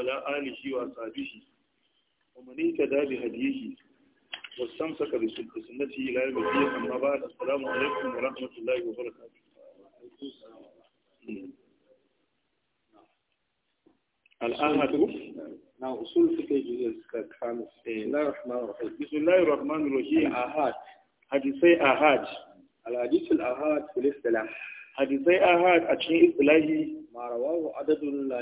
ala alihi wa sahbihi wa man ihtada bi hadihi wa samsaka bi sunnati ila yawm al-qiyamah amma ba'd assalamu alaykum wa rahmatullahi wa barakatuh al-ahadu na usul fiqh juz al-khamis rahman rahim bismillahir rahmanir rahim ahad hadithai ahad al-hadith al-ahad fi al-istilah hadithai ahad a cikin istilahi ma rawahu adadun la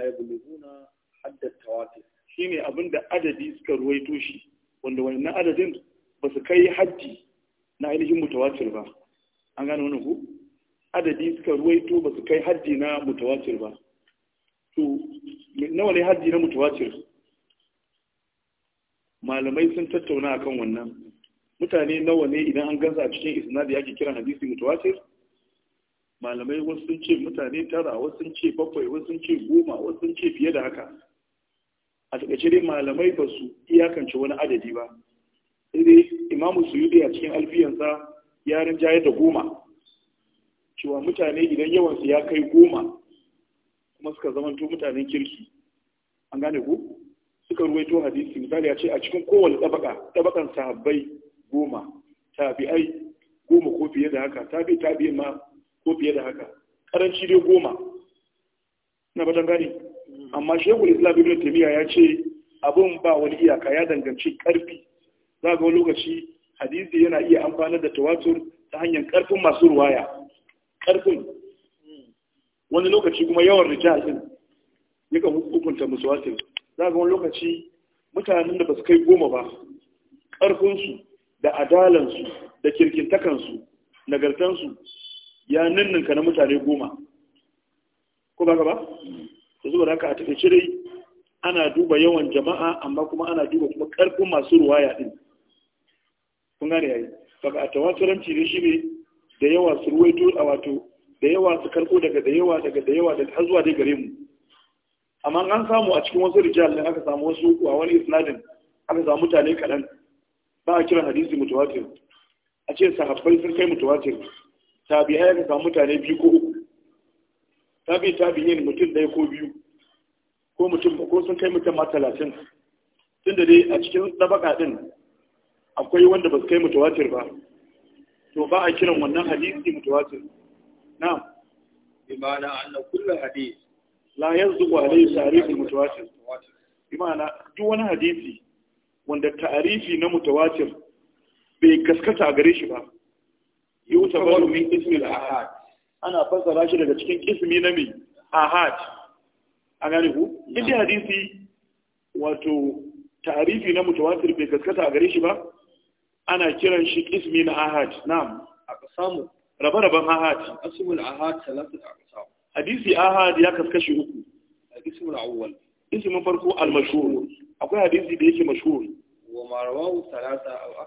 haddar tawatir shi ne abinda adadi suka ruwaito shi wanda wannan adadin ba su kai haddi na ainihin mutawatir ba an gane wani ku adadi suka ruwaito ba su kai haddi na mutawatir ba to nawa ne haddi na mutawatir malamai sun tattauna akan wannan mutane nawa ne idan an gansa a cikin isnadi ake kiran hadisi mutawatir malamai wasu sun ce mutane tara wasu sun ce bakwai wasu sun ce goma wasu sun ce fiye da haka a takaice dai malamai ba su iyakance wani adadi ba sai imamu suyudi a cikin alfiyansa ya rinjaye da goma cewa mutane idan yawansu ya kai goma kuma suka zamanto mutanen kirki an gane ku suka ruwaito hadisi misali ya ce a cikin kowane tabaka tabakan sahabbai goma tabi'ai goma ko fiye da haka tabi tabi ma ko fiye da haka karanci dai goma na batan gane amma shehu islam ibn taymiya ya ce abun ba wani iyaka ya danganci karfi za ga lokaci hadisi yana iya amfana da tawatur ta hanyar karfin masu ruwaya karfin wani lokaci kuma yawan rijal din yakan hukunta wasu za ga wani lokaci mutanen da ba su kai goma ba ƙarfinsu da adalansu da kirkintakansu nagartansu ya ninninka na mutane goma ko ba ba to saboda haka a cikin dai ana duba yawan jama'a amma kuma ana duba kuma karfin masu ruwaya din kun gane yayi baka a tawaturanci ne shi ne da yawa su ruwaito a wato da yawa su karko daga da yawa daga da yawa daga har zuwa dai gare mu amma an samu a cikin wasu rijal ne aka samu wasu a wani isnadin aka samu mutane kaɗan ba a kiran hadisi mutawatir a ce sahabbai sun kai mutawatir tabi'ai aka samu mutane biyu ko uku tabi ne mutum ɗaya ko biyu ko mutum ko sun kai mutum ma talatin tunda dai a cikin tsabaka ɗin akwai wanda ba su kai mutuwatir ba to ba a kiran wannan hadisi mutuwatir na imana ma'ana anna kullu hadis la yanzu alayhi ta'rif tarihi mutuwatir Imana, duk wani hadisi wanda ta'arifi na mutuwatir bai kaskata a gare shi ba yi yutabaru min ismil ahad ana fassara shi daga cikin ismi na mai ahad a gane ku inda hadisi wato tarifi na mutawatir bai gaskata a gare shi ba ana kiran shi ismi na ahad na'am a kasamu? rabe-raben ahad asmul ahad talatin a kasamu hadisi ahad ya kaskashi uku ismul awwal ismin farko al akwai hadisi da yake mashuru wa ma salata a aw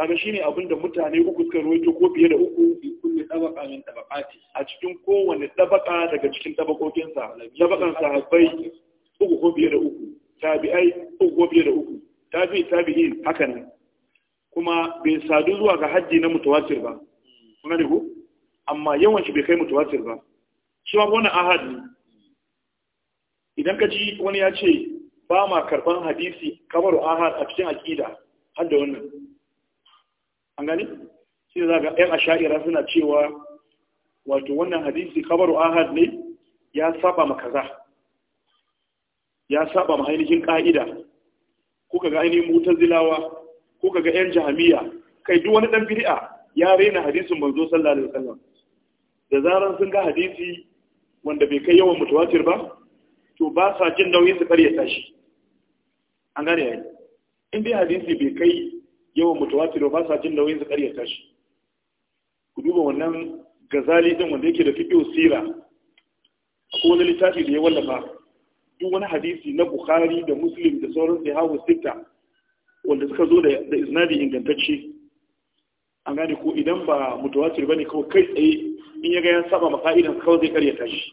kaga shine abin da mutane uku suka ruwaito ko fiye da uku fi kulli tabaqa min tabaqati a cikin kowanne tabaqa daga cikin tabakokin sa tabakan bai uku ko fiye da uku tabi'ai uku ko fiye da uku tabi tabi'in haka ne kuma bai sadu zuwa ga haji na mutawatir ba kuma ne ku amma yawan shi bai kai mutawatir ba shi ma wannan ahad ne idan ka ji wani ya ce ba ma karban hadisi kamar ahad a cikin aqida har da wannan an gani shi za ga ɗan asha'ira suna cewa wato wannan hadisi kabaru ahad ne ya saba ma kaza ya saba ma ainihin ƙa'ida kuka ga ainihin zilawa kuka ga 'yan jahamiya kai duk wani ɗan bid'a ya raina hadisin manzo sallallahu alaihi wasallam da zaran sun ga hadisi wanda bai kai yawan mutawatir ba to ba sa jin nauyin su karyata shi an gane yi in dai hadisi bai kai yawan mutawatir ba sa jin nauyin zakariya tashi ku duba wannan gazali din wanda yake da fiqh sira ko wani littafi da ya wallafa duk wani hadisi na bukhari da muslim da sauran sai hawa sita wanda suka zo da isnadi ingantacce an gane ko idan ba mutawatir bane kawai kai tsaye in ya ga ya saba maka'idan kawai zai karyata shi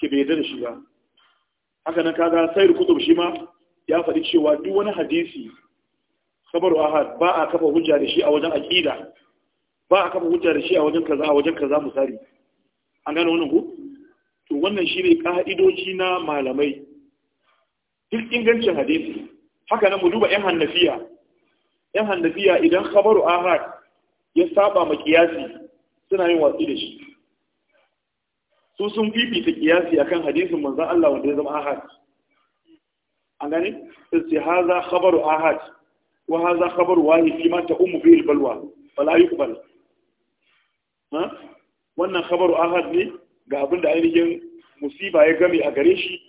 ke bai da shi ba haka nan kaga sayar kutub shi ma ya faɗi cewa duk wani hadisi kabaru ahad ba a kafa hujja da shi a wajen aqida ba a kafa hujja da shi a wajen kaza a wajen kaza misali an gane wannan ku to wannan shine ka'idoji na malamai duk ingancin hadisi haka nan mu duba yan hannafiya yan hannafiya idan kabaru ahad ya saba ma kiyasi suna yin watsi da shi su sun fifita kiyasi akan hadisin manzon Allah wanda ya zama ahad an gane sai haza khabaru ahad wa hadha khabar wahid fi ma ta'ummu bihi al-balwa wannan khabaru ahad ne ga abinda ainihin musiba ya gami a gare shi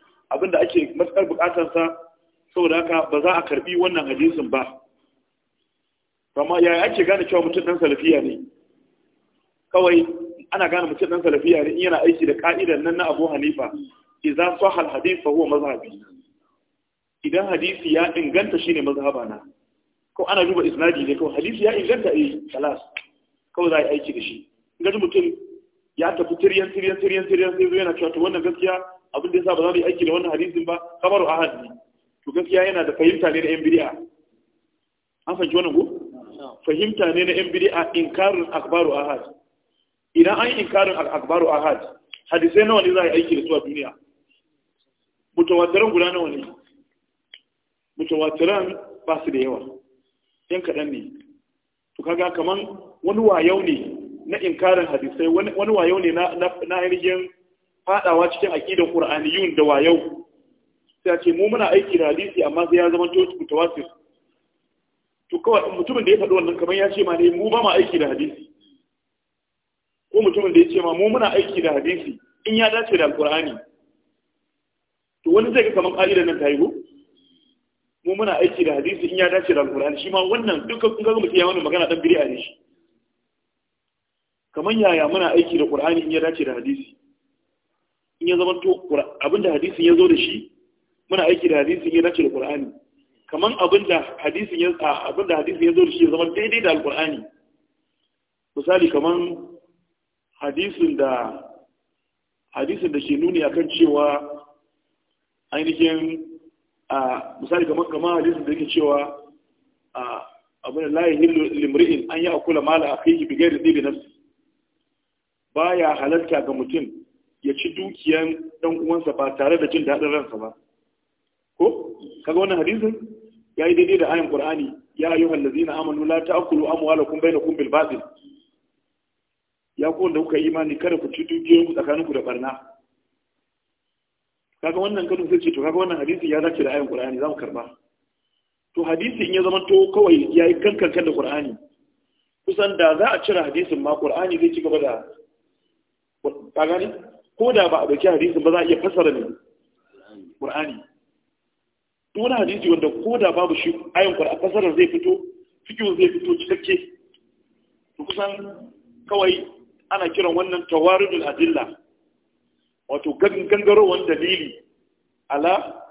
da ake matsar bukatarsa sa saboda haka ba za a karbi wannan hadisin ba amma yaya ake gane cewa mutum dan salafiya ne kawai ana gane mutum dan salafiya ne in yana aiki da kaidar nan na Abu Hanifa idan sahha hadith fa huwa mazhabi idan hadisi ya inganta shine mazhabana ko ana duba isnadi ne kawai hadisi ya inganta eh kalas kawai za a yi aiki da shi in gaji mutum ya tafi tiryan tiryan tiryan tiryan sai yana cewa to wannan gaskiya abin da yasa ba za mu yi aiki da wannan hadisin ba kamaru ahad ne to gaskiya yana da fahimta ne na yan bid'a an fahimci wannan ko fahimta ne na yan bid'a inkarin akbaru ahad idan an yi inkarin akbaru ahad hadisai nawa ne za a yi aiki da su a duniya mutawatiran guda nawa ne mutawatiran ba su da yawa yan kaɗan ne to kaga kaman wani wayau ne na inkarin hadisai wani wayau ne na ainihin fadawa cikin aƙidan ƙur'aniyun da wayau sai a ce mu muna aiki da hadisi amma sai ya zama ta wasu to kawai mutumin da ya faɗi wannan kamar ya ce ma ne mu ba ma aiki da hadisi ko mutumin da ya ce ma mu muna aiki da hadisi in ya dace da alƙur'ani to wani zai ga kamar ƙa'idar nan ta yi ko mu muna aiki da hadisi in ya dace da alkur'ani shi ma wannan dukkan kun ga mutum ya wani magana dan bid'a ne shi Kaman yaya muna aiki da qur'ani in ya dace da hadisi in ya zama to abinda hadisin ya zo da shi muna aiki da in ya dace da qur'ani Kaman abinda hadisin ya abinda hadisi ya zo da shi ya zama daidai da alkur'ani misali kaman hadisin da hadisin da ke nuni akan cewa ainihin a misali kamar kamar hadisi da yake cewa a abin la yahillu limri'in an akula mala akhihi bi ghairi dhibi nafsi ya halatta ga mutum ya ci dukiyan dan uwansa ba tare da jin dadin ransa ba ko kaga wannan hadisin yayi daidai da ayan qur'ani ya ayyuhal ladzina amanu la ta'kulu amwalakum bainakum bil batil ya ku wanda kuka imani kada ku ci dukiyoyinku tsakaninku da barna kaga wannan gadon sai ce to kaga wannan hadisi ya zace da ayan qur'ani zamu karba to hadisi in ya zama to kawai yayi kankan da qur'ani kusan da za a cire hadisin ma qur'ani zai ci gaba da ka gani ko da ba a dauki hadisin ba za a iya fassara ne qur'ani to wani hadisi wanda ko da babu shi ayan qur'ani fassarar zai fito fikihu zai fito cikakke to kusan kawai ana kiran wannan tawaridul adilla wato gangarowar dalili ala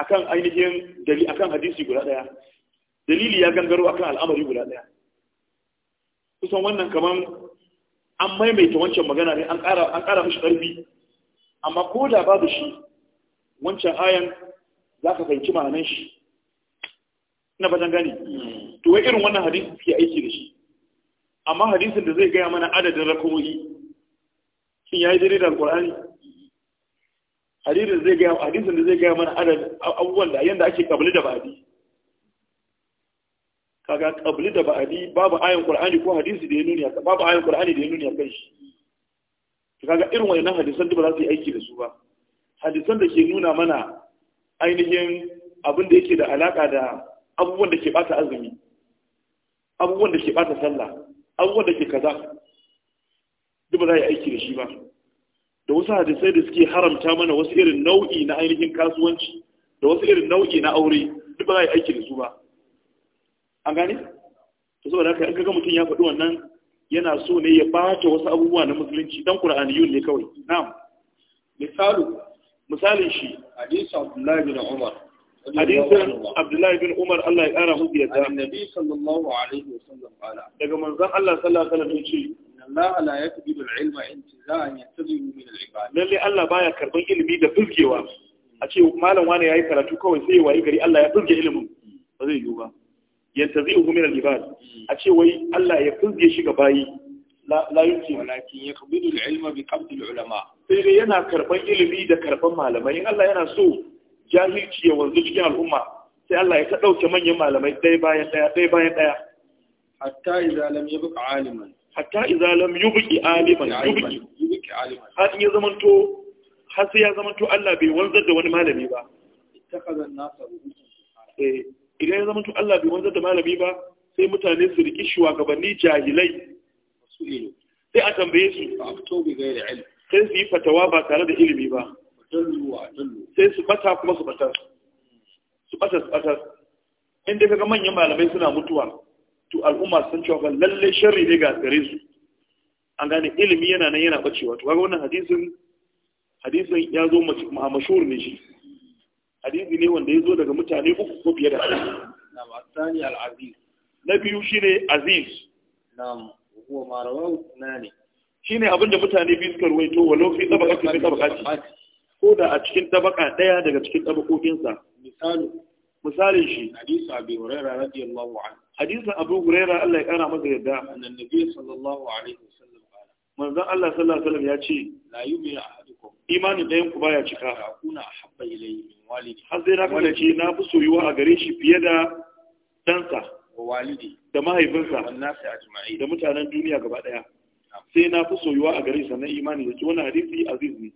akan ainihin dalili akan hadisi guda daya dalili ya gangaro akan al'amari guda daya kusan wannan kamar an maimaita wancan magana ne an ƙara mashi karfi ƙarfi amma ko da ba da shi wancan ayan za ka fahimci ma'anan shi ina fatan gani to wai irin wannan hadisi suke aiki da shi amma hadisin da zai gaya mana adadin rakowi shin ya yi daidai da alƙur'ani hadisin da zai gaya mana adadin abubuwan da yadda ake kabli da ba'adi kaga kabli da ba'adi babu ayin qur'ani ko hadisi da ya nuni akan babu ayin qur'ani da ya nuni akan shi to kaga irin wayannan hadisan da ba za su yi aiki da su ba hadisan da ke nuna mana ainihin abin da yake da alaka da abubuwan da ke bata azumi abubuwan da ke bata sallah abubuwan da ke kaza duk ba za a yi aiki da shi ba da wasu hadisai da suke haramta mana wasu irin nau'i na ainihin kasuwanci da wasu irin nau'i na aure duk ba za a yi aiki da su ba an gane to saboda haka an kaga mutum ya faɗi wannan yana so ne ya bata wasu abubuwa na musulunci dan qur'aniyun ne kawai na'am misalu misalin shi hadisi abdullahi bin umar hadisin abdullahi bin umar Allah ya kara musu yadda annabi sallallahu alaihi wasallam daga manzon Allah sallallahu alaihi wasallam ya ce Allah la yakdibu al-ilma inta lalle Allah baya karban ilimi da fizgewa a ce malam wani yayi karatu kawai sai wayi gari Allah ya fizge ilimin ba zai yiwu ba yantazi'uhu min al-ibad a ce wai Allah ya fizge shi ga bayi la yumkin walakin yaqbidu al-ilma bi qabd al-ulama sai dai yana karban ilimi da karban malamai in Allah yana so jahilci ya wanzu cikin al'umma sai Allah ya ta dauke manyan malamai ɗaya bayan ɗaya ɗaya bayan ɗaya hatta idza lam yabqa aliman hatta idza lam yubqi aliman yubqi har ya zamanto har sai ya zamanto Allah bai wanzar da wani malami ba ittakhadha nasa eh idan ya zamanto Allah bai wanzar da malami ba sai mutane su riki shugabanni jahilai sai a tambaye su sai su yi fatawa ba tare da ilimi ba sai su bata kuma su batar su batar su batar inda kaga manyan malamai suna mutuwa to al'umma sun cewa lalle sharri ne ga gare su an gane ilimi yana nan yana bacewa to kaga wannan hadisin hadisin ya zo mashhur ne shi hadisi ne wanda ya zo daga mutane uku ko biyar da hadisi na biyu shine aziz na'am huwa ma rawahu shine abinda mutane biyu suka ruwaito walau fi tabaqati fi tabaqati ko da a cikin tabaka daya daga cikin tabakokin sa misali misalin shi hadisi abi hurairah radiyallahu anhu hadisin abu huraira Allah ya kara masa yadda annan nabi sallallahu alaihi wasallam manzon Allah sallallahu alaihi wasallam ya ce la yu'minu ahadukum imanin dayan ku baya cika kuna ahabba ilayhi min walidi har sai na kana ce na fi soyuwa a gare shi fiye da dansa wa walidi da mahaifinsa annasi ajma'i da mutanen duniya gaba daya sai na fi soyuwa a gare shi sannan imani da wannan hadisi aziz ne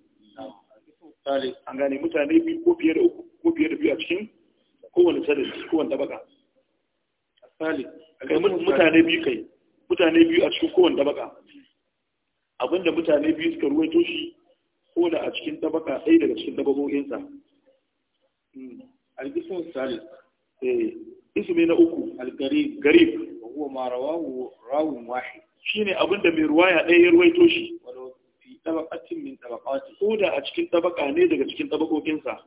an gane mutane biyu ko fiye da uku ko fiye da biyu a cikin kowane sadari kowane tabaka kai mutane biyu kai mutane biyu a cikin kowane tabaka abinda mutane biyu suka ruwaito toshi, ko da a cikin tabaka ɗaya daga cikin tabakokinsa hmm. alkisun salis eh, ismi na uku algarib garib Wa ma rawahu rawun Shi ne abinda mai ruwaya ɗaya ya toshi. shi fi tabaqatin min tabakati. ko da a cikin tabaka ne daga cikin tabakokinsa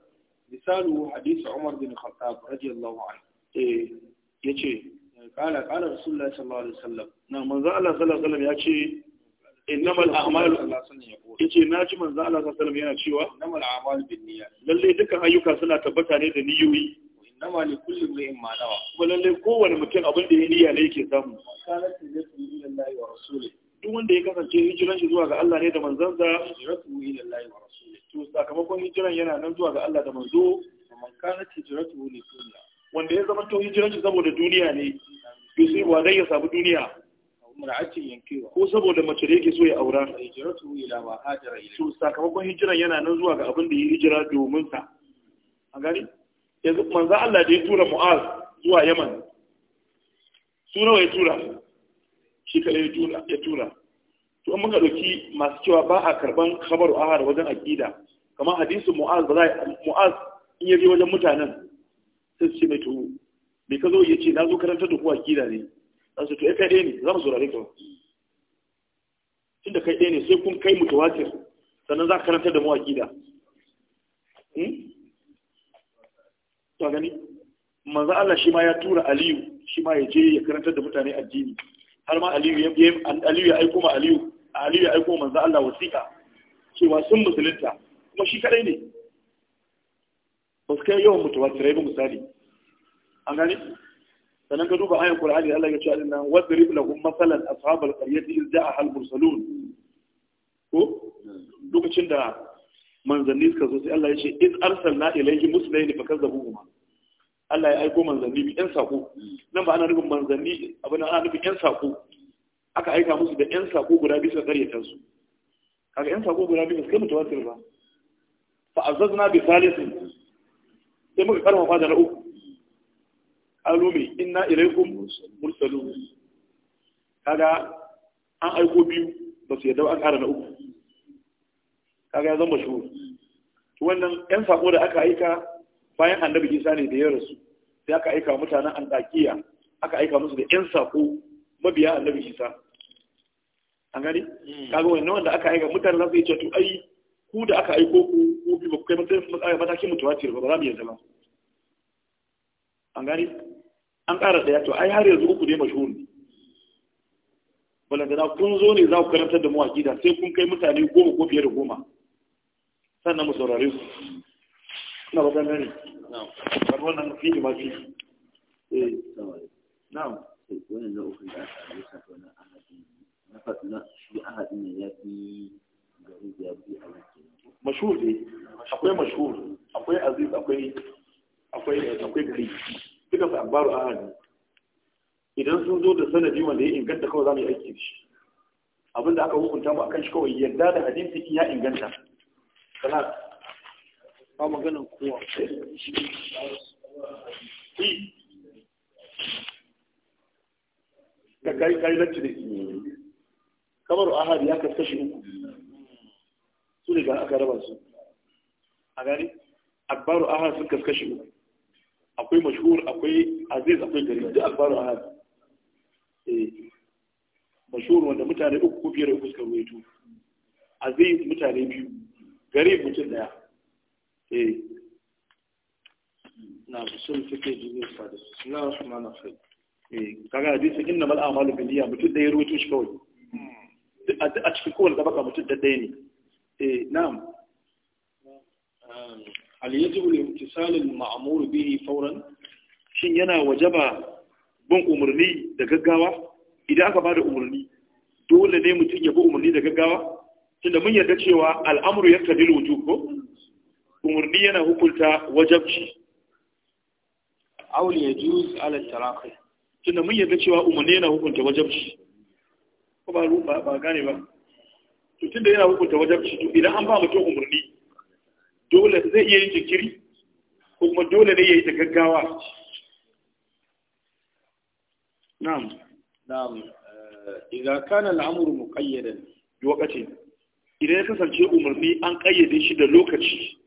misalu hadisi umar bin khattab radiyallahu anhu eh ce. kala kala rasulullahi sallallahu alaihi wasallam na manzo Allah sallallahu alaihi wasallam ya ce innamal a'malu yace naji manzo Allah sallallahu alaihi wasallam yana cewa innamal a'malu binniyat lalle dukan ayyuka suna tabbata ne da niyyoyi innama li kulli imrin ma nawa kuma lalle kowane mutum abin da ya niyya ne yake samu kana tilatu lillahi wa rasulih duk wanda ya kasance hijiran shi zuwa ga Allah ne da manzon sa hijratu lillahi wa rasulih to sakamakon hijiran yana nan zuwa ga Allah da manzo man kana hijratu lillahi wanda ya zama to hijiran shi saboda duniya ne dushi wa ya samu duniya ko saboda mace da yake so ya aura to sakamakon hijira yana nan zuwa ga abin da ya hijira domin sa a gani yanzu manzo Allah da ya tura Mu'az zuwa Yaman su nawa ya tura shi kada ya tura ya tura to an muka dauki masu cewa ba a karban khabaru ahar wajen aqida kamar hadisin Mu'az ba za Mu'az in yaje wajen mutanen sai su ce mai tuhu bai ka zo ce na zo karanta da kuwa kila ne A su to kai ɗaya ne za mu saurare ka tunda kai ɗaya ne sai kun kai mutawatir sannan za ka karanta da mu da ta hmm? gani manzo Allah shi ma ya tura Aliyu shi ma ya je ya karanta da mutane addini har ma Aliyu ya Aliyu ya aiko ma Aliyu Aliyu ya aiko manzo Allah wasiƙa cewa sun musulunta kuma shi kadai ne ba su kai yawan mutawatirai ba misali an gani sannan ka duba ayan qur'ani Allah ya ce inna wadrib lahum masalan ashabal qaryati iz ja'a al mursalun ko lokacin da manzanni suka zo sai Allah ya ce iz arsalna ilayhi muslimin fa kazzabuhuma Allah ya aiko manzanni bi yan sako nan ba ana nufin manzanni abin ana nufin yan sako aka aika musu da yan sako guda biyu suka karyata su kaga yan sako guda biyu suka mutawatir ba fa azzazna bi thalithin sai muka karfafa da na uku alumi mai inna ilaikum mursalun kaga an aiko biyu ba su yadda an ƙara na uku kaga ya zama shuru to wannan yan sako da aka aika bayan annabi Isa ne da ya rasu sai aka aika mutanen Antakiya aka aika musu da yan sako mabiya annabi Isa an gani kaga wannan wanda aka aika mutanen za su yi ce to ai ku da aka aiko ku ku bi ku kai matakin mutuwa ce ba za mu yarda ba an gani an ƙara ɗaya to ai har yanzu uku ne mashuru ne balantana kun zo ne za ku karantar da mu aƙida sai kun kai mutane goma ko fiye da goma sannan mu saurare su na ba gane kar wannan fi ma fi eh. na'am eh, na ne ya a ne akwai mashuru akwai aziz akwai akwai akwai gari duka su a ahad idan sun zo da sanadi wanda ya inganta kawai za mu yi aiki da shi abin da aka hukunta mu akan shi kawai yadda da hadisi ya inganta salat ba maganar kowa ka kai kai lacci da kamar ahadi ya kaskashi uku su ne ga aka raba su a gani akbaru ahadi sun kaskashi uku akwai mashhur akwai aziz akwai gari duk alfaru ahad eh mashhur wanda mutane uku ko biyar uku suka ruwaito aziz mutane biyu gari mutum daya eh na sun suke jini sa da su na wasu mana sai eh kaga hadisi inna mal a'malu bin niyya mutum da ya ruwaito shi kawai a cikin kowane tabaka mutum da ɗaya ne eh na'am hal yajibu al-imtisal al-ma'mur bihi fawran shin yana wajaba bin umarni da gaggawa idan aka bada umarni dole ne mutum ya bi umarni da gaggawa tunda mun yarda cewa al-amru yaqtadil wujub ko umarni yana hukunta wajabci aw yajuz ala taraqi tunda mun yarda cewa umarni yana hukunta wajabci ko ba ba gane ba tunda yana hukunta wajabci to idan an ba mutun umarni dole zai iya yin jinkiri ko kuma dole ne ya yi ta gaggawa na'am na'am eh, idan kana al'amuru muqayyadan bi waqti idan ya kasance umarni an kayyade shi da lokaci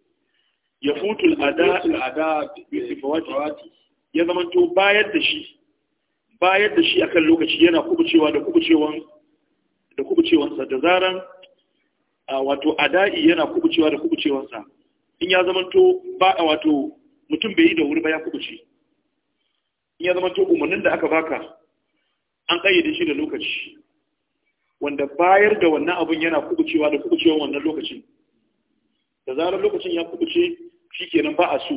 ya futu al'ada al'ada bi ya zama to bayar da shi bayar da shi akan lokaci yana kubucewa da kubucewan da kubucewansa da zaran wato ada'i yana kubucewa da kubucewansa in ya to ba a wato mutum bai yi da wuri ba ya kubuce in ya to umarnin da aka baka an kayyade shi da lokaci wanda bayar da wannan abun yana kubucewa da kubucewa wannan lokacin da zarar lokacin ya kubuce shi kenan ba a so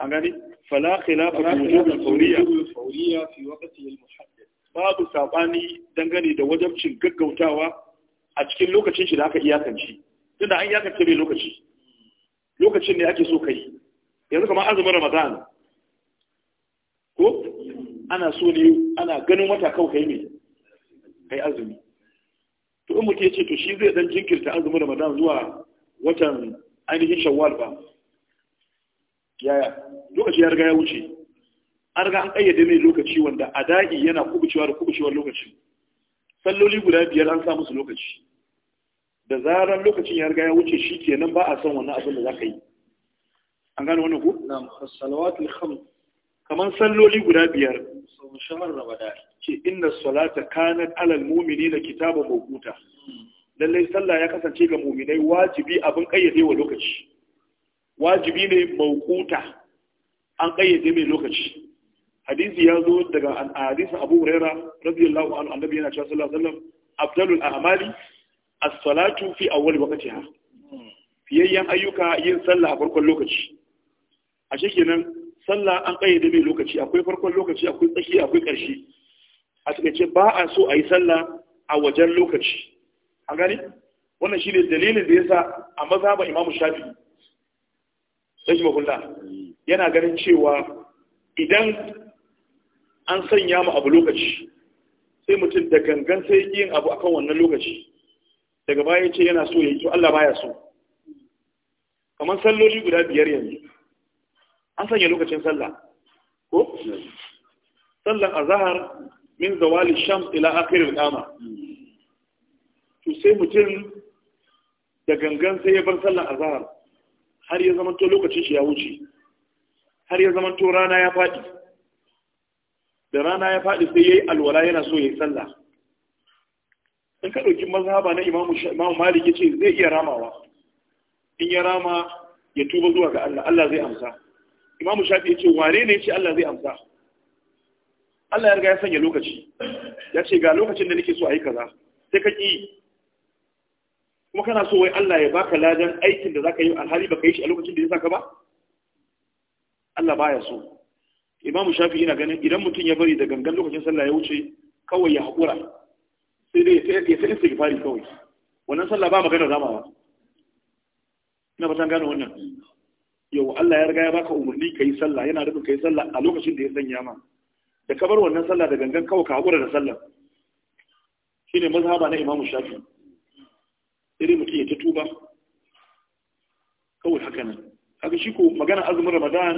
an gani fala khilafa wujubul fawriya fi waqtihi al-muhaddad babu sabani dangane da wajabcin gaggautawa a cikin lokacin shi da aka iyakance tunda an iyakance bai lokaci lokacin ne ake so ka yi yanzu kamar azumin ramadan ko ana so ne ana ganin wata kawai kai ne kai azumi to in ya ce to shi zai dan jinkirta azumin ramadan zuwa watan ainihin shawwal ba yaya lokaci ya riga ya wuce an riga an ƙayyade mai lokaci wanda a da'i yana kubucewa da kubucewar lokaci salloli guda biyar an sa musu lokaci da zarar lokacin ya riga ya wuce shi kenan ba a son wannan abin da za ka yi an gane wannan ku? na'am salawatul khams kamar salloli guda biyar sau shahar ramadan ke inna salata kanat alal da kitabar mawquta lallai sallah ya kasance ga mu'minai wajibi abin kayyade wa lokaci wajibi ne mawquta an kayyade mai lokaci hadisi ya zo daga hadisin Abu Huraira radiyallahu anhu annabi yana cewa sallallahu alaihi wasallam afdalul a'mali as-salatu fi awwal waqtiha fiyayyan ayyuka yin sallah a farkon lokaci a shekenan sallah an kayyade mai lokaci akwai farkon lokaci akwai tsaki akwai ƙarshe a takaice ba a so a yi sallah a wajen lokaci a gani wannan shi ne dalilin da ya sa a ba imamu shafi sai makulla yana ganin cewa idan an sanya mu abu lokaci sai mutum da gangan sai yin abu akan wannan lokaci daga baya ce yana so ya yi to Allah baya so kamar salloli guda biyar yanzu an sanya lokacin sallah ko sallan azhar min zawali shams ila akhir al-qama to sai mutum da gangan sai ya bar sallan azhar har ya zama to lokacin shi ya wuce har ya zama to rana ya faɗi da rana ya faɗi sai yayi alwala yana so ya yi sallah in ka ɗauki mazhaba na imamu malik ya ce zai iya ramawa in ya rama ya tuba zuwa ga Allah Allah zai amsa imamu shafi ya ce ware ne ce Allah zai amsa Allah ya riga ya sanya lokaci ya ce ga lokacin da nake so a yi kaza sai ka ƙi kuma kana so wai Allah ya baka ladan aikin da za ka yi alhali ba ka yi shi a lokacin da ya saka ba Allah baya so imamu shafi yana ganin idan mutum ya bari da gangan lokacin sallah ya wuce kawai ya haƙura sai dai ya ta istighfari kawai wannan sallah ba magana zamawa ina ba san gane wannan yau Allah ya riga ya baka umarni ka yi sallah yana da ka yi sallah a lokacin da ya sanya ma da kabar wannan sallah da gangan kawai ka haƙura da sallah shine mazhaba na Imam Shafi irin mutum ya ta tuba kawai haka nan haka shi ko magana azumin Ramadan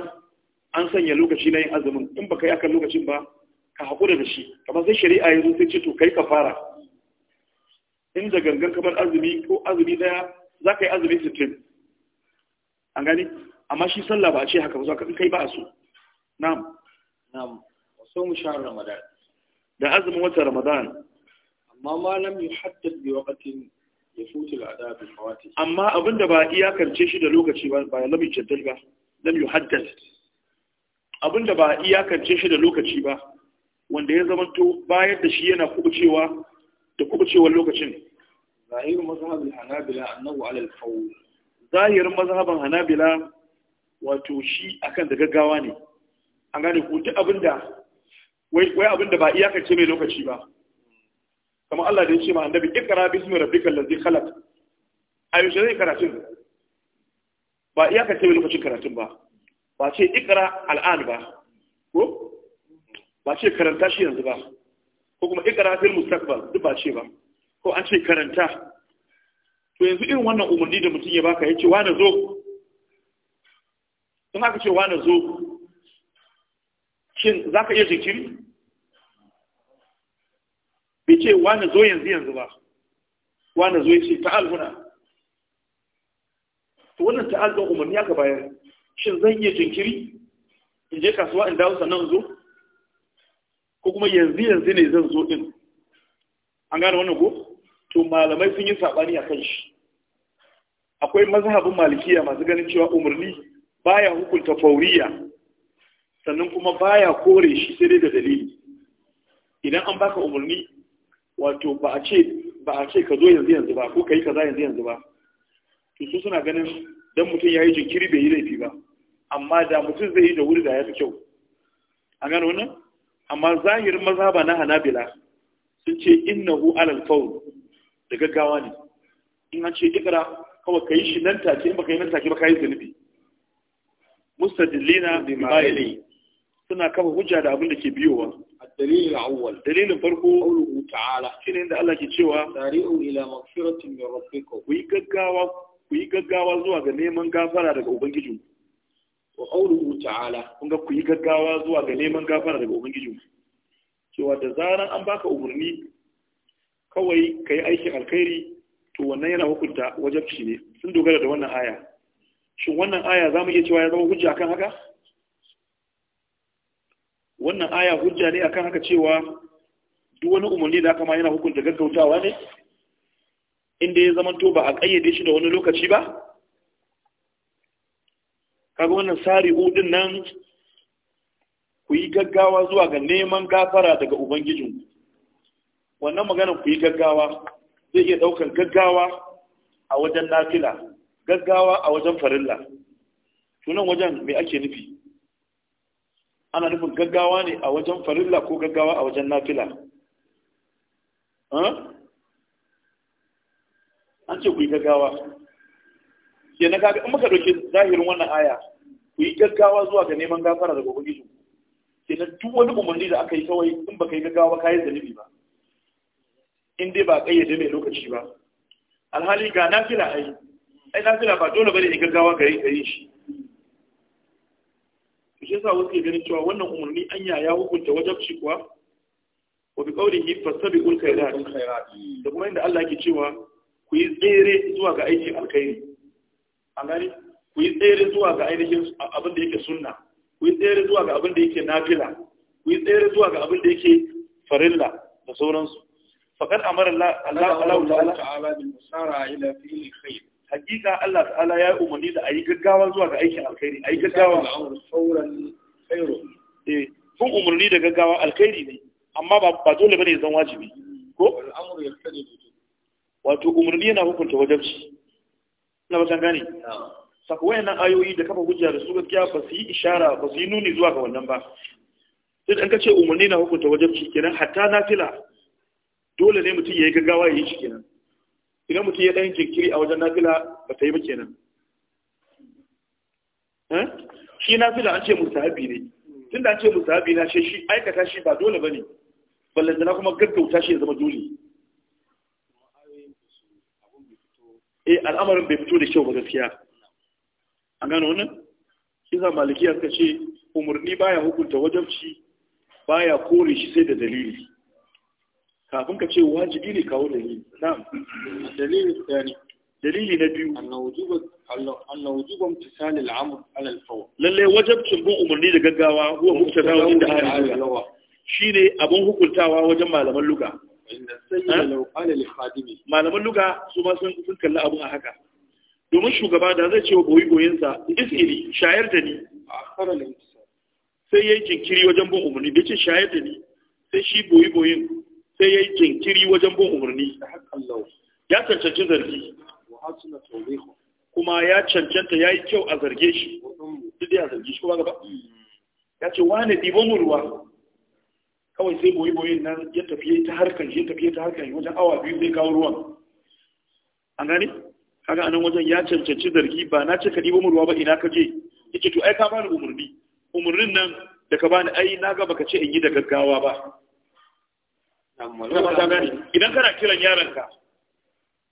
an sanya lokaci na yin azumin in baka yi akan lokacin ba ka haƙura da shi kamar sai shari'a yanzu sai ce to kai ka fara Inda gangan kamar azumi ko azumi daya za ka yi azumi sittin an gani amma shi sallah ba a ce haka ba za ka kai ba a so na'am na'am so mu sha ramadan da azumin wata ramadan amma ma lam yuhaddad bi waqtin yafutu al'adab bi fawati amma abinda ba iyakance shi da lokaci ba ba lam yujaddad ba lam yuhaddad abinda ba iyakance shi da lokaci ba wanda ya to bayar da shi yana kubucewa da kuma cewar lokacin zahirin mazhabin hanabila annahu ala al zahirin mazhabin hanabila wato shi akan da gaggawa ne an gane ko duk abinda wai abinda ba ce mai lokaci ba kuma Allah da ya ce ma annabi ikra bismi rabbikal ladzi khalaq shi zai karatun ba ce mai lokacin karatun ba ba ce ikra al'an ba ko ba ce karanta shi yanzu ba ko kuma ikra fil mustaqbal duk ba ce ba ko an ce karanta to yanzu irin wannan umarni da mutum ya baka ya ce wa na zo in aka ce wa na zo shin za ka iya jinkiri Bi ce wa na zo yanzu yanzu ba wa na zo ya ce ta'al muna to wannan ta'al don umarni aka bayar shin zan iya jinkiri in je kasuwa in dawo sannan zo kuma yanzu yanzu ne zan zo din an gane wannan ko to malamai sun yi sabani a kan shi akwai mazhabin malikiya masu ganin cewa umarni baya hukunta fauriya sannan kuma baya kore shi sai dai da dalili idan an baka umarni wato ba a ce ba a ce ka zo yanzu yanzu ba ko ka kaza yanzu yanzu ba to su suna ganin dan mutum ya yi jinkiri bai yi laifi ba amma da mutum zai yi da wuri da ya fi kyau an gano wannan amma zahirin mazhaba na hanabila sun ce innahu alal faul da gaggawa ne in an ce ikra kawai kai shi nan take in baka yi nan take ba yi zunubi mustadillina bima yali suna kafa hujja da abin da ke biyowa awwal farko الدليل ta'ala shine inda Allah ke cewa tari'u ila maghfiratin min rabbikum ku yi gaggawa ku yi gaggawa zuwa ga neman gafara daga ubangijinku wa qawluhu ta'ala kun ga ku yi gaggawa zuwa ga neman gafara daga ubangiji cewa da zaran an baka umarni kawai kai aikin alkhairi to wannan yana hukunta wajabci ne sun dogara da wannan aya shin wannan aya zamu iya cewa ya zama hujja akan haka wannan aya hujja ne akan haka cewa duk wani umarni da aka ma yana hukunta gaggautawa ne inda ya zama to ba a kayyade shi da wani lokaci ba kaga wannan sari'u din nan ku yi gaggawa zuwa ga neman gafara daga Ubangijin, wannan maganar ku yi gaggawa zai iya ɗaukar gaggawa a wajen nafila gaggawa a wajen farilla tunan wajen mai ake nufi ana nufin gaggawa ne a wajen farilla ko gaggawa a wajen nafila an ce ku yi gaggawa ke na kaga in muka dauki zahirin wannan aya ku yi gaggawa zuwa ga neman gafara daga ubangiji ke na duk wani umarni da aka yi kawai in baka yi gaggawa ka yi zanibi ba in dai ba kayyade mai lokaci ba alhali ga nafila ai ai nafila ba dole bane in gaggawa ga yi gari shi shi yasa wasu ke ganin cewa wannan umarni an ya hukunta wajabci kuwa wa bi qawlihi fastabiqul khairat da kuma inda Allah yake cewa ku yi tsere zuwa ga aikin alkhairi an gani ku yi tsere zuwa ga ainihin abin da yake sunna ku yi tsere zuwa ga abin da yake nafila ku yi tsere zuwa ga abin da yake farilla da sauransu faqad amara Allah ta'ala bil musara ila fi'l khair hakika Allah ta'ala ya umarni da ayi gaggawa zuwa ga aikin alkhairi ayi gaggawa sauran khairu eh ku umarni da gaggawa alkhairi ne amma ba dole bane zan wajibi ko al'amru wato umarni yana hukunta wajibi na wajen gane saka wayannan ayoyi da kafa hujja da su gaskiya ba su yi ishara ba su yi nuni zuwa ga wannan ba sai an kace umarni na hukunta wajen wajabci kenan hatta na fila dole ne mutum ya yi gaggawa ya yi shi kenan idan mutum ya dan jinkiri a wajen nafila ba ta yi ba kenan eh? shi nafila an ce mustahabi ne tunda an ce mustahabi na shi aikata shi ba dole bane ballantana kuma gaggauta shi ya zama dole eh al'amarin bai fito da kyau ba gaskiya an gano wannan shi za malikiya suka ce umarni baya hukunta wajabci baya kore shi sai da dalili kafin ka ce wajibi ne kawo dalili na'am dalili tsani dalili na biyu anna wujuban tisal al-amr ala al-fawr lalle wajabcin bin umarni da gaggawa huwa muktada da hali shine abun hukuntawa wajen malaman lugha malaman luga su ma sun kalli abu a haka domin shugaba da zai ce wa boyi boyinsa isiri shayar da ni sai ya yi jinkiri wajen bin umarni da ce shayar da ni sai shi boyi boyin sai ya yi jinkiri wajen bin umarni ya cancanci zargi kuma ya cancanta ya yi kyau a zarge shi duk ya zarge shi kuma gaba ya ce wane ɗiban ruwa kawai sai boye-boye nan ya tafiye ta harkar shi tafiye ta harkar wajen awa biyu zai kawo ruwan an gani haka anan wajen ya cancanci zargi ba na ce ka ɗi mu ruwa ba ina ka je ce to ai ka bani umarni umarnin nan da ka bani ai na ga baka ce in yi da gaggawa ba idan kana kiran yaranka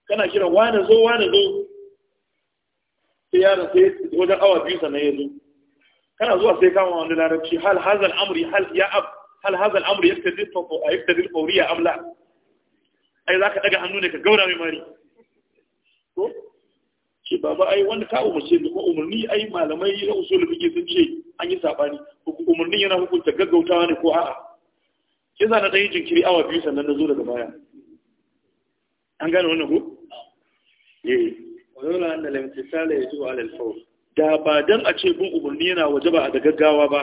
kana kiran wane zo wane zo sai yaran sai wajen awa biyu sannan ya zo kana zuwa sai kama wani larabci hal hazal amri hal ya abu hal hadha al-amru yaktadi a yaktadi al-fawriya am la ai zaka daga hannu ne ka gaura mai mari ko ce baba ai wanda ka umarce ni ko umarni ai malamai na usulul fiqh sun ce an yi sabani umarnin yana hukunta gaggautawa ne ko a'a ke za na ɗan yi jinkiri awa biyu sannan na zo daga baya an gane wannan ko eh wala anna lam tisala yajibu ala al-fawr da ba dan a ce bin umarni yana wajaba a da gaggawa ba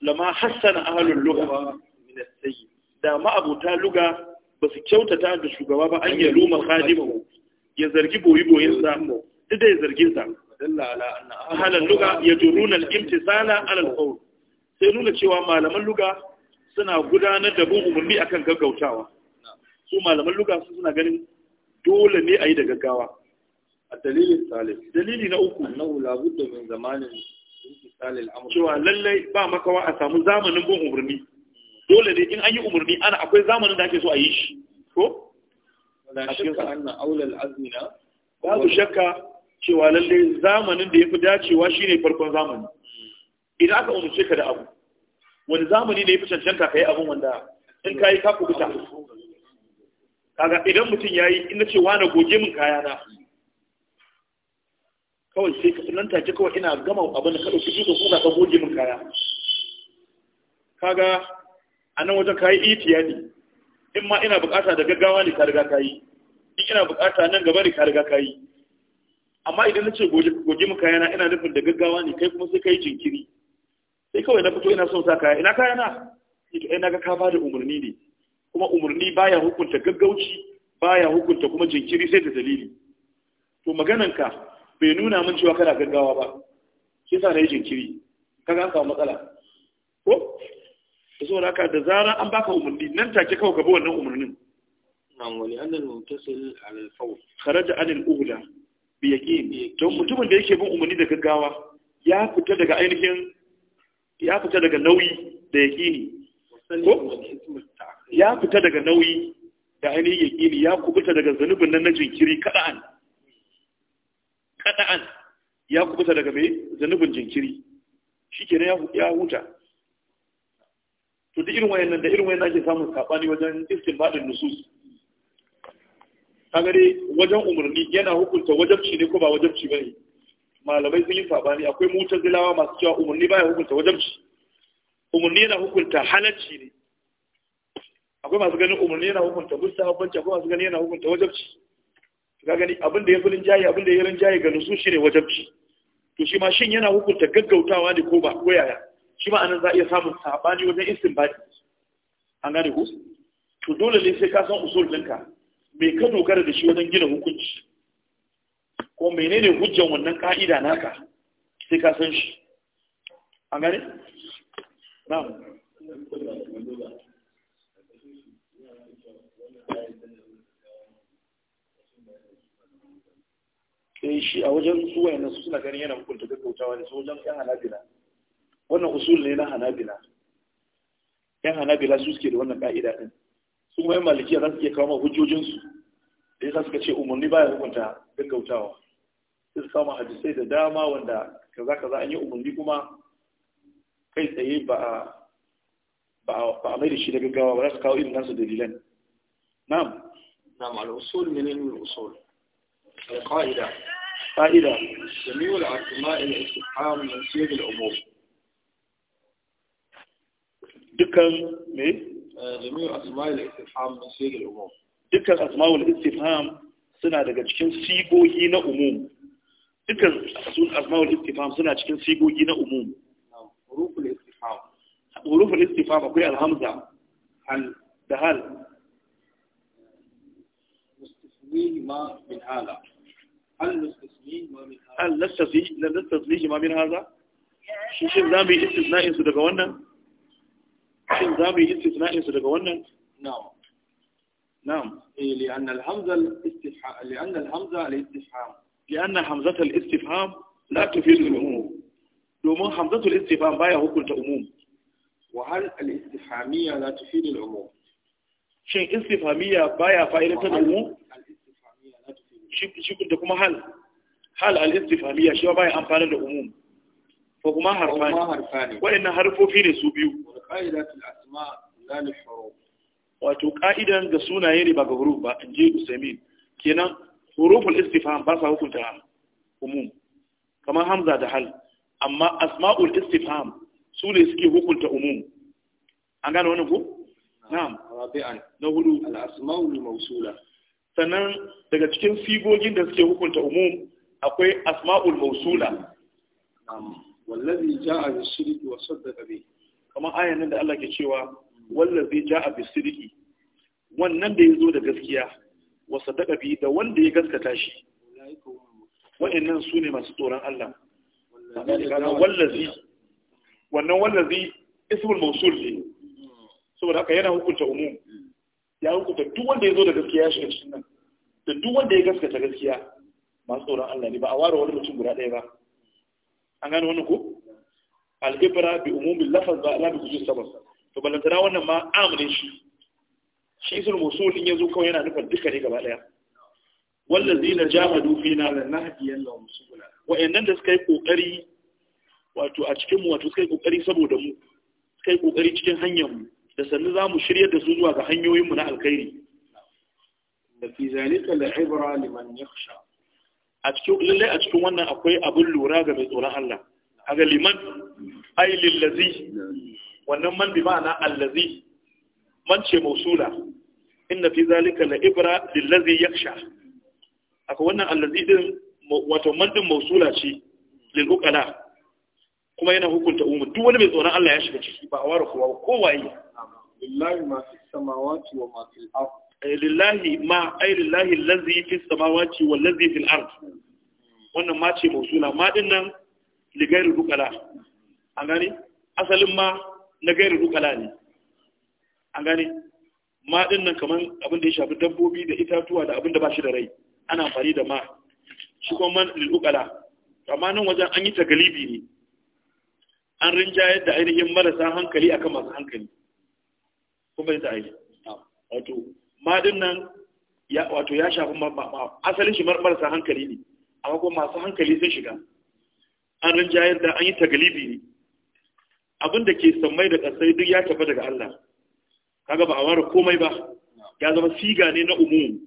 lama hassana ahalul lugha min as-sayyi da ma abuta lugha ba su kyautata da shugaba ba an yi luma khadimu ya zargi boyi boyin sa duk da ya zarge sa dalla ala anna ahalul lugha yajruna al-imtisala ala al-qawl sai nuna cewa malaman lugha suna gudanar da bin umarni akan gaggautawa su malaman lugha su suna ganin dole ne a yi da gaggawa a dalilin salif dalili na uku annahu labudda min zamanin cewa lallai ba makawa a samu zamanin bin umarni dole ne in an yi umarni ana akwai zamanin da ake so a yi shi ko babu shakka cewa lallai zamanin da ya fi dacewa shi ne farkon zamani idan aka umarce ka da abu wani zamani ne ya fi cancanta ka yi abin wanda in ka yi ka kubuta kaga idan mutum ya yi ina ce wane goge min kayana kawai sai ka nan take kawai ina gama abin da ka dauki shi ko ka goge min kaya kaga a nan wajen kayi ne in ma ina bukata da gaggawa ne ka riga kai in ina bukata nan gaba ne ka riga kai amma idan na ce goge min kaya na ina nufin da gaggawa ne kai kuma sai kai jinkiri sai kawai na fito ina son sa kaya ina kaya na ito ina ga ka ba da umarni ne kuma umarni baya hukunta gaggauci baya hukunta kuma jinkiri sai da dalili to ka. bai nuna mun cewa kana gaggawa ba shi sa na yi jinkiri kaga an samu matsala ko da saboda haka da zara an baka umarni nan take kawo ka bi wannan umarnin nan wani annal mutasil al fawl kharaja an al ula bi yaqin to mutumin da yake bin umarni da gaggawa ya fita daga ainihin ya fita daga nauyi da yaqini ko ya fita daga nauyi da ainihin yaqini ya kubuta daga zanubin nan na jinkiri kada'an kata'an ya kubuta daga mai zanubin jinkiri shi shikenan ya huta to duk irin wayannan da irin wayannan ake samun sabani wajen istinbadin nusus kagare wajen umarni yana hukunta wajabci ne ko ba wajabci bane malamai sun yi sabani akwai zilawa masu cewa umarni baya hukunta wajabci umarni yana hukunta halacci ne akwai masu ganin umarni yana hukunta mustahabbanci akwai masu ganin yana hukunta wajabci ga gani abin da ya fi rinjaye abin da ya rinjaye ga nusu shi ne wajabci to shi ma shin yana hukunta gaggautawa ne ko ba ko yaya shi ma anan za a iya samun sabani wajen istinbadi an gane ku to dole ne sai ka san usul ɗinka me ka dogara da shi wajen gina hukunci ko menene hujjan wannan ka'ida naka sai ka san shi an gane na'am sai eh, shi a wajen su wayannan su suna ganin yana hukunta gaggautawa ne su wajen yan hanabila wannan usul ne na hanabila yan hanabila su suke da wannan ka'ida din su kuma yan malikiya za su iya kawo hujjojin su da yasa suka ce umarni baya hukunta ga gaggautawa sai su kawo hadisai da dama wanda kaza kaza an yi umarni kuma kai tsaye ba a ba a mai da shi da gaggawa ba za su kawo irin nasu dalilan na'am نعم الأصول من علم الأصول القاعدة قاعدة جميع الأسماء الاستفهام من سياق الأمور دكان مي جميع أسماء الاستفهام من سياق الأمور dukkan asma'ul istifham suna daga cikin sigogi na umum dukkan asma'ul istifham suna cikin sigogi na umum huruful istifham huruful istifham akwai alhamza hal da هل نستثني ما من هذا هل نستثني ما من هذا شو زامي استثناء انسو دقا نعم نعم إيه، لأن الهمزة الاستفهام لأن الهمزة الاستفحام لأن حمزة الاستفحام لا تفيد الأموم لما حمزة الاستفهام بايا هو كنت وهل الاستفهامية لا تفيد الأموم شيء استفهامية بايا فائدة الأموم shi da kuma hal hal al-istifhamiyya shi ba ya amfana da umum Ko kuma harfani wa'annan harfofi ne su biyu qa'idatul asma la lil huruf wato ƙa'idan ga sunaye ne ba ga huruf ba inji usaimin kenan huruful istifham ba sa hukunta umum kamar hamza da hal amma asma'ul istifham su ne suke hukunta umum an gane wani ku? na'am na hudu al-asma'ul mawsula sannan daga cikin sigogin da suke hukunta umum akwai asma'ul mausula wallazi ja'a bisiriki wa saddaqa bi kamar ayan nan da Allah ke cewa wallazi ja'a bisiriki wannan da yazo da gaskiya wa saddaqa bi da wanda ya gaskata shi wa'annan su ne masu tsoron Allah wallazi wannan wallazi ismul mausul ne hmm. saboda haka yana hukunta umum hmm. ya hukunta duk wanda ya zo da gaskiya ya shiga cikin nan da duk wanda ya gaskata gaskiya masu tsoron Allah ne ba a ware wani mutum guda ɗaya ba an gane wani ko al-ibra bi umumin lafaz ba la bi kujin sabab to balantana wannan ma Amina shi shi musu din ya zo kawai yana nufar duka ne gaba daya na jahadu fina lanahdiyannahum subula wa'annan da suka yi kokari wato a cikin mu wato suka yi kokari saboda mu suka yi kokari cikin hanyar mu da sannu za mu shirya da su zuwa ga hanyoyinmu na alkhairi da fi zalika la ibra liman yakhsha a cikin lalle a cikin wannan akwai abin lura ga mai tsoron Allah aga liman ay lil ladhi wannan man bi ma'ana allazi man ce mausula inna fi zalika la ibra lil ladhi yakhsha aka wannan allazi din wato man din mausula ce lil uqala kuma yana hukunta umma duk wani mai tsoron Allah ya shiga ciki ba a ware kowa ko waye lillahi ma fi samawati wa ma fil ard ah, eh, lillahi ma ay lillahi allazi fi samawati wal ladzi fil ard wannan ma ce mausula ma din nan li gairu dukala an gani asalin ma na gairu dukala ne an gani ma din nan kaman abin da ya shafi dabbobi da itatuwa da abin da ba shi da rai ana amfani da ma shi kuma man lil ukala amma nan wajen an yi tagalibi ne an rinjayar da ainihin marasa hankali akan masu hankali kuma yin ta'ayi wato madin nan ya wato ya shafi asalin shi marasa hankali ne amma kuma masu hankali sun shiga an rinjayar da an yi tagalibi ne abin da ke sammai da kasai duk ya tafi daga Allah kaga ba a ware komai ba ya zama siga ne na umum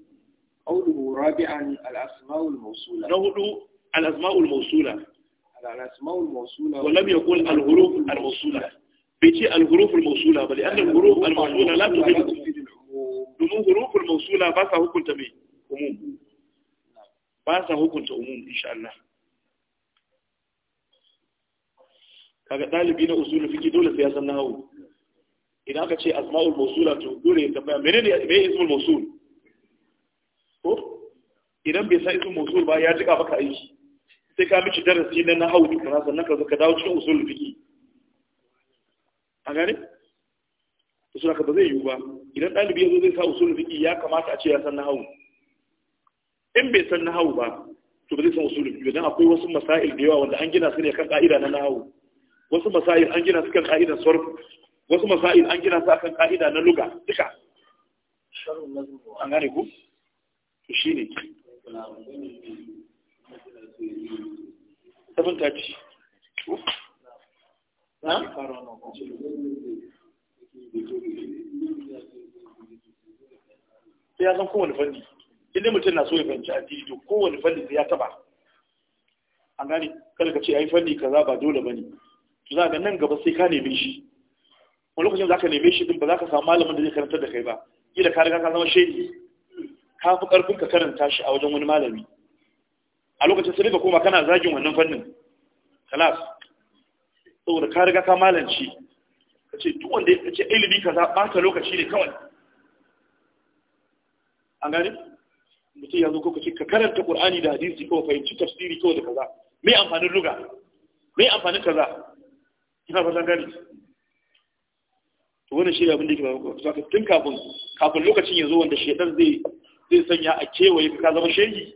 qawluhu rabi'an al-asma'ul mawsula na hudu al-asma'ul mawsula ولم يقول الغروف الموصولة بيجي الغروف الموصولة بل أن الغروف الموصولة لا تفيد domin huruful mausula ba sa hukunta mai ba sa hukunta umum insha Allah kaga dalibi na usul dole sai ya san nahwu idan aka ce asma'ul mausula to dole ya tambaya menene me ismul mausul ko idan bai san ismul mausul ba ya jika baka aiki sai ka mici darasi na nahau kuma sannan ka zo ka dawo cikin usul fiqi a gane to suna ka ba zai yiwu ba idan ɗalibi ya zo zai sa usul fiqi ya kamata a ce ya san nahau in bai san nahau ba to ba zai san usul fiqi dan akwai wasu masail da yawa wanda an gina su ne kan ka'ida na nahau wasu masail an gina su kan ka'ida sarf wasu masail an gina su kan ka'ida na luga duka an gane ku to shine seven thirty sai ya san kowane fanni inda mutum na so ya fahimci addini to kowane fanni sai ya taba an gane kada ka ce ai fanni kaza ba dole bane to za ga nan gaba sai ka neme shi wani lokacin za ka neme shi din ba za ka samu malamin da zai karantar da kai ba kila ka riga ka zama shehi ka fi karfin ka karanta shi a wajen wani malami a lokacin su ka koma kana zagin wannan fannin kalas saboda ka riga ka malanci ka ce duk wanda ya ce ilimi ka za ɓata lokaci ne kawai an gani mutum ya zo ko ka ce ka karanta qur'ani da hadisi kawai fahimci tafsiri kawai da kaza me amfanin luga me amfanin kaza ina zan gani to wannan shi ne abin da yake ba zaka tun kafin kafin lokacin ya zo wanda shedan zai zai sanya a kewaye ka zama shehi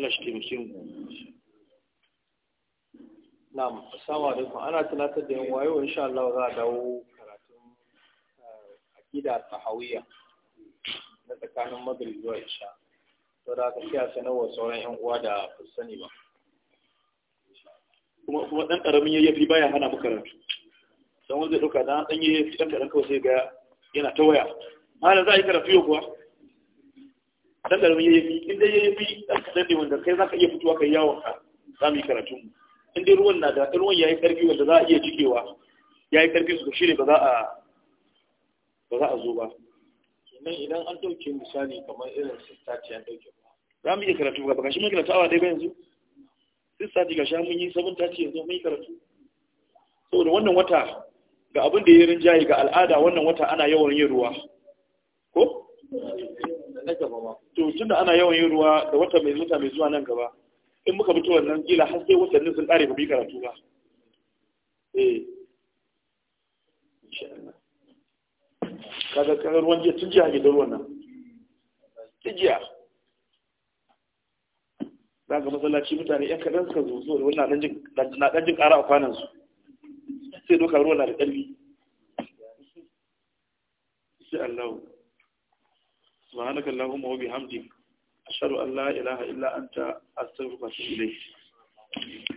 Allah shi taimake mu na'am assalamu alaikum ana tunatar da yan wayo insha Allah za a dawo karatun eh, akida tahawiyya na tsakanin magrib zuwa isha Sau da aka kiyaye sanarwa sauran yan uwa da ba sani ba kuma kuma dan karamin yayyafi baya hana mu karatu dan wanda zai ɗauka dan dan yayyafi ɗan karan kawai sai ga yana ta waya malam za a yi karatu yau kuwa dan karamin yayyafi in dai yayyafi dan kadan ne wanda kai zaka iya fitowa kai yawon ka za mu yi karatu in dai ruwan na da ruwan yayi karfi wanda za a iya cikewa yayi karfi su shine ba za a ba za a zo ba sannan idan an dauke misali kamar irin sistati an dauke ba za mu iya karatu ba gashi mun karatu awa ɗaya ba yanzu sistati gashi mun yi sabon tace yanzu mun yi karatu saboda wannan wata ga abin da ya rinjaye ga al'ada wannan wata ana yawan yin ruwa ko na gaba ma to tunda ana yawan yin ruwa da wata mai zuta mai zuwa nan gaba in muka fito wannan kila har sai watannin sun kare ba bi karatu ba eh insha Allah kaga kaga ruwan jiya tun jiya gidan ruwan nan tun jiya za ka masallaci mutane yan kaɗan suka zo zo da wannan na ɗan jin ƙara a kwanan su sai doka ruwan na da ƙarfi insha Allah subhanaka allahumma wa bihamdik ashhadu an ilaha illa anta astaghfiruka wa atubu